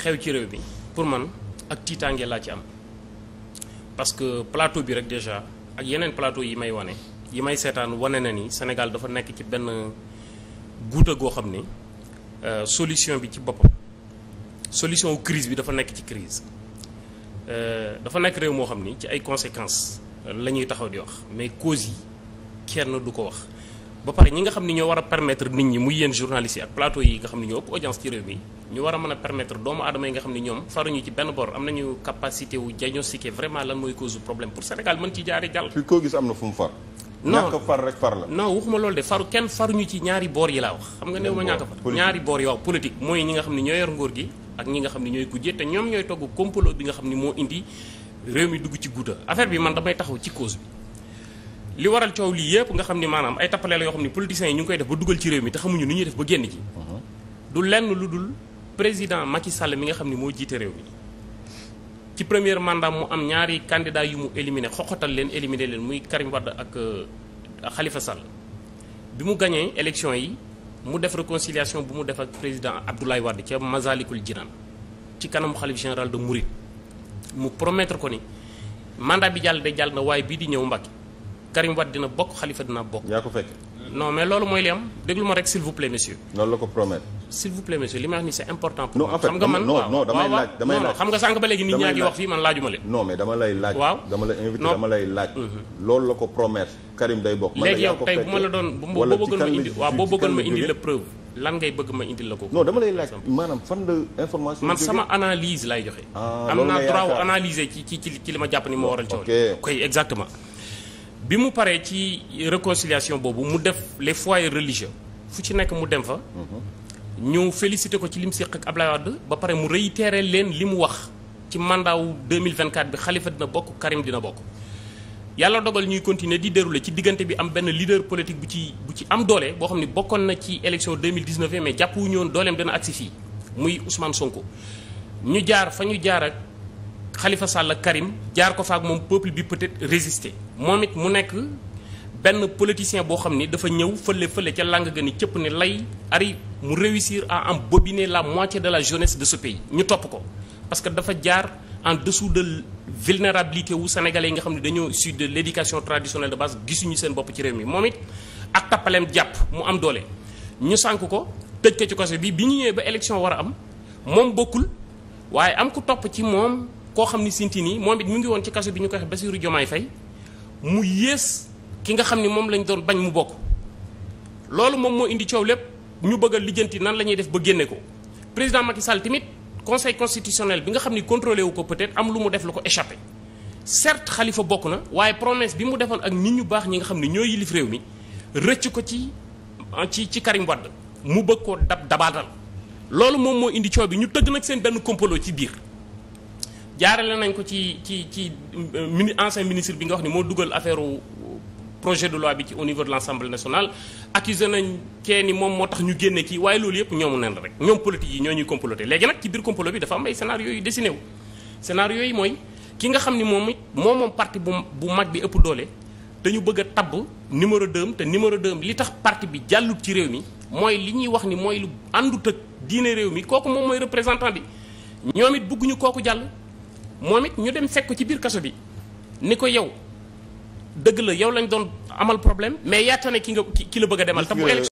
xew ci réew bi pour man ak tiitaange laa ci am parce que plateau bi rek déjà ak yeneen plateau yi may wane yi may seetaan wane na ni Sénégal dafa nekk ci benn guuta goo xam ni euh, solution bi ci boppam solution crise bi dafa nekk ci crise euh, dafa nekk réew moo xam ni ci ay conséquences euh, la ñuy taxaw di wax mais causes yi kenn du ko wax ba pare ñi nga xam ni ñoo war a permettre nit ñi muy yéen journalistes yi ak plateau yi nga xam ni ñoo ëpp audience ci réew mi ñu war a mën a permettre doomu aadama yi nga xam ni ñoom faruñu ci benn bor mooy cause du problème pour Sénégal mën ci loolu de faru kenn faruñu ci ñaari boor yi laa wax. xam nga néew ma ñàkk far ñaari boor yi waaw politique. mooy ñi nga xam ni ñoo yor nguur gi ak ñi nga xam ni ñooy kujje te ñoom ñooy togg complot bi nga xam ni moo indi réew mi dugg ci gudda affaire bi man damay taxaw ci cause bi li waral coow lii yëpp nga xam ni maanaam ay tappale la yoo xam ni politiciens yi ñu ngi koy def ba dugal ci réew mi te xamuñu nu ñuy def ba génn ci mhm. du lenn lu dul président Macky Sall mi nga xam ni moo jiite réew mi ci première mandat mu am ñaari candidat yu mu éliminé xoxotal leen éliminé leen muy Karim Wade ak xalifa euh, Sall bi mu gañee élection yi mu def réconciliation bu mu def ak président Abdoulaye Wade ca Masalikul Jinan ci kanamu xalif général de Mouride mu promettre ko ni mandat bi jàll de jàll na waaye bii di ñëw Mbacke Karim Wade dina bokk Khalifa dina bokk. yaa ko fekk. non mais loolu mooy li am déglu ma rek s'il vous plaît monsieur. loolu la ko promettre. s'il vous plaît monsieur li ma wax nii c'est important. pour ngi wax fii man laajuma leen. non la invité dama lay laaj. Mhm. loolu la ko man ko fekkee léegi yow tey bu ma la doon boo bëggoon ma indi waaw boo bëggoon ma ma indil la ko. non dama lay laaj maanaam sama analyse lay joxe. Ah, am naa droit analyser ci ci ci li ma jàpp ni moo waral coow. ok exactement bi mu paree ci réconciliation boobu mu def les foyers religieux fu ci nekk mu dem fa. ñu félicité ko ci lim séq ak Ablaye Wade ba pare mu rëy réitéré leen li mu wax ci mandat wu 2024 bi Khalifa dina bokk Karim dina bokk. yàlla dogal ñuy continuer di derule ci diggante bi am benn leader politique bu ci bu ci am doole boo xam ne bokkoon na ci élection 2019 mais jàppuñu woon dooleem dana agsi fii muy Ousmane Sonko ñu jaar fa ñu jaar ak. Khalifa Sall ak Karim jaar ko faak moom peuple bi peut-être résister moom it mu nekk benn politicien boo xam ni dafa ñëw fële fële ca làng ga ni cëpp ne lay ari mu réussir à embobiner la moitié de la jeunesse de ce pays ñu topp ko parce que dafa jaar en dessous de vulnérabilité wu sénégalais yi nga xam ne dañoo issus de l'éducation traditionnelle de base gisuñu seen bopp ci réew mi moom it ak tappaleem jàpp mu am doole ñu sànk ko tëj ko ci kaso bi bi ñu ñëwee ba élection war am moom bokkul koo xam ni sinti nii moom it mu ngi woon ci kaso bi ñu koy wax Bassirou Diomaye Faye mu yées ki nga xam ni moom lañ doon bañ mu bokk loolu moom moo indi coow lépp ñu bëgg a lijjanti nan la ñuy def ba génne ko président Macky Sall tamit conseil constitutionnel bi nga xam ni contrôlé wu ko peut-être am lu mu lu ko échappé certes Khalifa bokk na waaye promesse bi mu defoon ak nit ñu baax ñi nga xam ne ñoo yilif réew mi rëcc ko ci ah, ci ci Karim Wade mu bëgg koo dab dabaatal moom moo indi coow bi ñu tëgg nag seen benn complot ci biir jaarale nañ ko ci ci ci euh, mini ancien ministre bi nga wax ni moo dugal affaire projet de loi bi ci au niveau de l'Assemblée nationale accusé nañ kee ni moom moo tax ñu génne kii waaye loolu yëpp ñoomu nen rek ñoom politique yi ñoo ñuy comploté léegi nag ci biir complot bi dafa am ay scénario yu dessiné wu scénario yi mooy ki nga xam ni moom it moo moom parti bu bu mag bi ëpp doole dañu bëgg a tabb numéro 2 te numéro 2 li tax parti bi jàllut ci réew mi mooy li ñuy wax ni mooy lu àndut ak diine réew mi kooku moom mooy représentant bi ñoom it bëgguñu kooku jàll moom it ñu dem fekk ci biir kaso bi ni ko yow dëgg la yaw lañ doon amal problème mais yaa tane ki nga ki la bëgg a demal.